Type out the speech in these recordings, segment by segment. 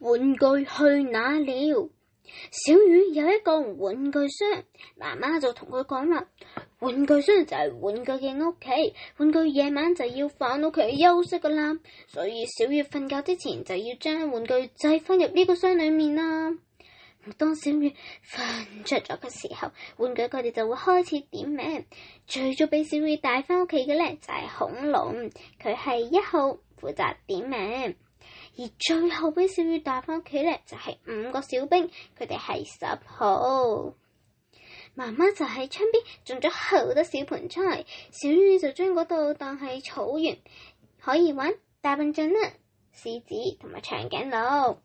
玩具去哪了？小雨有一個玩具箱，媽媽就同佢講啦：玩具箱就係玩具嘅屋企，玩具夜晚就要返屋企休息噶啦。所以小雨瞓覺之前就要將玩具仔翻入呢個箱裏面啦。當小雨瞓着咗嘅時候，玩具佢哋就會開始點名。最早俾小雨帶翻屋企嘅呢，就係恐龍，佢係一號負責點名。而最後俾小雨帶翻屋企咧，就係、是、五個小兵，佢哋係十號。媽媽就喺窗邊種咗好多小盆栽。小雨就將嗰度當係草原，可以玩大笨象啦、獅子同埋長頸鹿。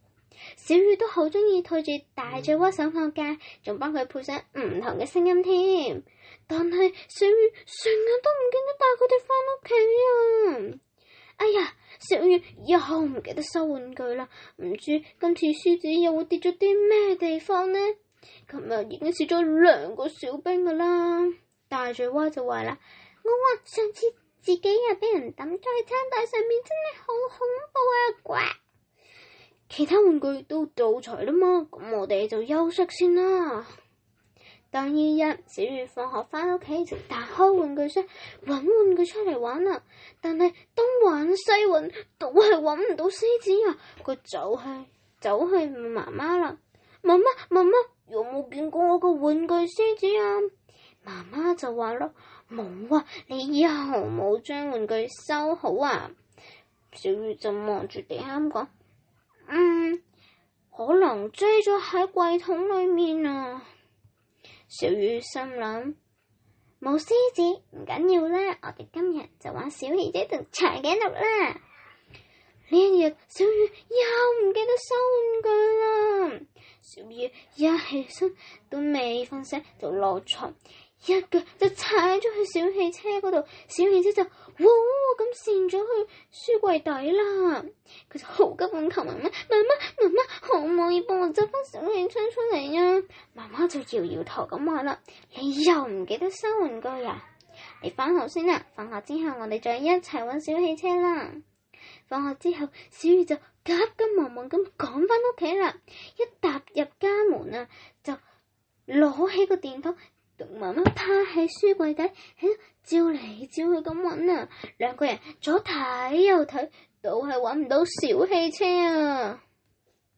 小雨都好鍾意套住大嘴巴手放假，仲幫佢配上唔同嘅聲音添。但係小雨成日都唔見得帶佢哋翻屋企啊！哎呀，小月又唔記得收玩具啦，唔知今次書紙又會跌咗啲咩地方呢？琴日已經少咗兩個小兵噶啦，大嘴蛙就話啦，我話上次自己又俾人抌咗喺餐台上面，真係好恐怖啊！乖，其他玩具都到齊啦嘛，咁我哋就休息先啦。第二日小月放學翻屋企，就打開玩具箱搵玩具出嚟玩啦，啊。但係東揾西揾，都係揾唔到獅子啊！佢就係就係問媽媽啦：，媽媽，媽媽，有冇見過我個玩具獅子啊？媽媽就話咯：，冇啊！你以後冇將玩具收好啊？小月就望住地啱講：，嗯，可能追咗喺櫃桶裏面啊。小雨心諗，冇獅子唔緊要啦，我哋今日就玩小汽車同長頸鹿啦。呢一日小雨又唔記得收玩具啦。小雨一起身都未瞓醒就落床，一腳就踩咗去小汽車嗰度，小汽車就哇咁扇咗去書櫃底啦。佢就好急咁求媽媽、媽媽、媽媽，可唔可以幫我執翻、小汽車出嚟啊？媽就搖搖頭咁話啦：你又唔記得收玩具啊！你返學先啦，放學之後我哋再一齊搵小汽車啦。放學之後，小雨就急急忙忙咁趕翻屋企啦。一踏入家門啊，就攞起個電筒，同媽媽趴喺書櫃底，喺照嚟照去咁搵啊。兩個人左睇右睇，都係搵唔到小汽車啊！